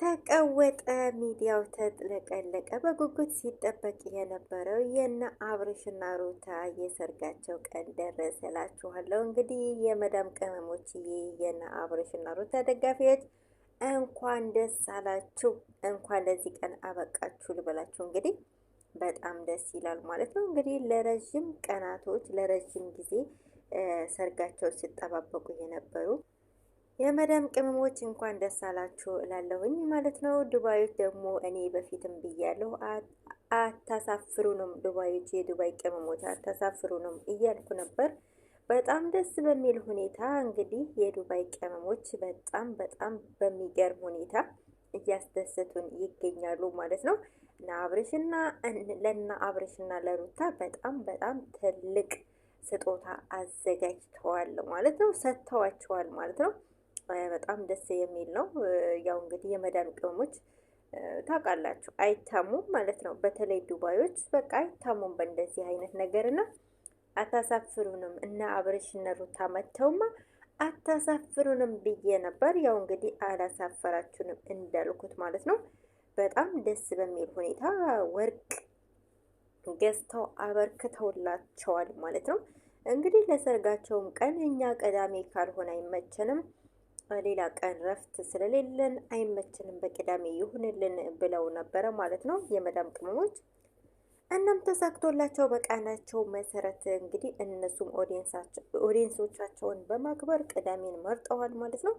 ተቀወጠ። ሚዲያው ተጥለቀለቀ። በጉጉት ሲጠበቅ የነበረው የነ አብርሽና ሩታ የሰርጋቸው ቀን ደረሰ እንግዲህ የመዳም ቅመሞች የነ አብርሽና ሩታ ደጋፊዎች እንኳን ደስ አላችሁ፣ እንኳን ለዚህ ቀን አበቃችሁ ልበላችሁ። እንግዲህ በጣም ደስ ይላል ማለት ነው። እንግዲህ ለረዥም ቀናቶች ለረዥም ጊዜ ሰርጋቸው ሲጠባበቁ የነበሩ የመዳም ቅመሞች እንኳን ደስ አላችሁ እላለሁኝ ማለት ነው። ዱባዮች ደግሞ እኔ በፊትም ብያለሁ፣ አታሳፍሩንም ዱባዮች፣ የዱባይ ቅመሞች አታሳፍሩንም እያልኩ ነበር። በጣም ደስ በሚል ሁኔታ እንግዲህ የዱባይ ቅመሞች በጣም በጣም በሚገርም ሁኔታ እያስደሰቱን ይገኛሉ ማለት ነው። እና አብርሽና ለና አብርሽና ለሩታ በጣም በጣም ትልቅ ስጦታ አዘጋጅተዋል ማለት ነው። ሰጥተዋቸዋል ማለት ነው። በጣም ደስ የሚል ነው። ያው እንግዲህ የመዳም ቅመሞች ታውቃላችሁ አይታሙም ማለት ነው። በተለይ ዱባዮች በቃ አይታሙም በእንደዚህ አይነት ነገር እና አታሳፍሩንም እና አብረሽ እነ ሩታ አታሳፍሩንም ብዬ ነበር። ያው እንግዲህ አላሳፈራችሁንም እንዳልኩት ማለት ነው። በጣም ደስ በሚል ሁኔታ ወርቅ ገዝተው አበርክተውላቸዋል ማለት ነው። እንግዲህ ለሰርጋቸውም ቀን እኛ ቀዳሜ ካልሆነ አይመቸንም። በሌላ ቀን ረፍት ስለሌለን አይመችንም፣ በቅዳሜ ይሁንልን ብለው ነበረ ማለት ነው የመዳም ቅመሞች። እናም ተሳክቶላቸው በቃናቸው መሰረት እንግዲህ እነሱም ኦዲየንሶቻቸውን በማክበር ቅዳሜን መርጠዋል ማለት ነው።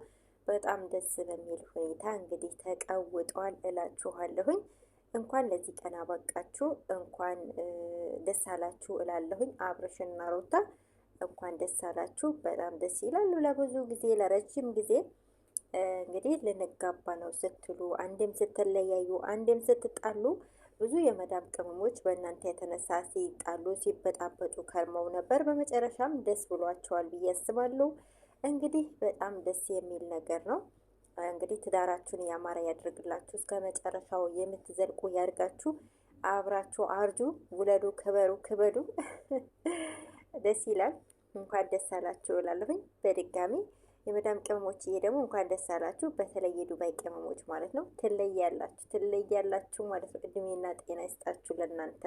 በጣም ደስ በሚል ሁኔታ እንግዲህ ተቀውጠዋል እላችኋለሁኝ። እንኳን ለዚህ ቀን አበቃችሁ፣ እንኳን ደስ አላችሁ እላለሁኝ አብርሽና ሮታ እንኳን ደስ አላችሁ። በጣም ደስ ይላሉ። ለብዙ ጊዜ ለረጅም ጊዜ እንግዲህ ልንጋባ ነው ስትሉ አንድም ስትለያዩ፣ አንድም ስትጣሉ ብዙ የመዳም ቅመሞች በእናንተ የተነሳ ሲጣሉ ሲበጣበጡ ከርመው ነበር። በመጨረሻም ደስ ብሏቸዋል ብዬ አስባለሁ። እንግዲህ በጣም ደስ የሚል ነገር ነው። እንግዲህ ትዳራችሁን ያማረ ያደርግላችሁ። እስከ መጨረሻው የምትዘልቁ ያድርጋችሁ። አብራችሁ አርጁ፣ ውለዱ፣ ክበሩ፣ ክበዱ። ደስ ይላል። እንኳን ደስ አላችሁ እላለሁኝ በድጋሚ የመዳም ቅመሞችዬ ደግሞ እንኳን ደስ አላችሁ። በተለይ የዱባይ ቅመሞች ማለት ነው። ትለያላችሁ ትለያላችሁ ማለት ነው። እድሜና ጤና ይስጣችሁ ለእናንተ።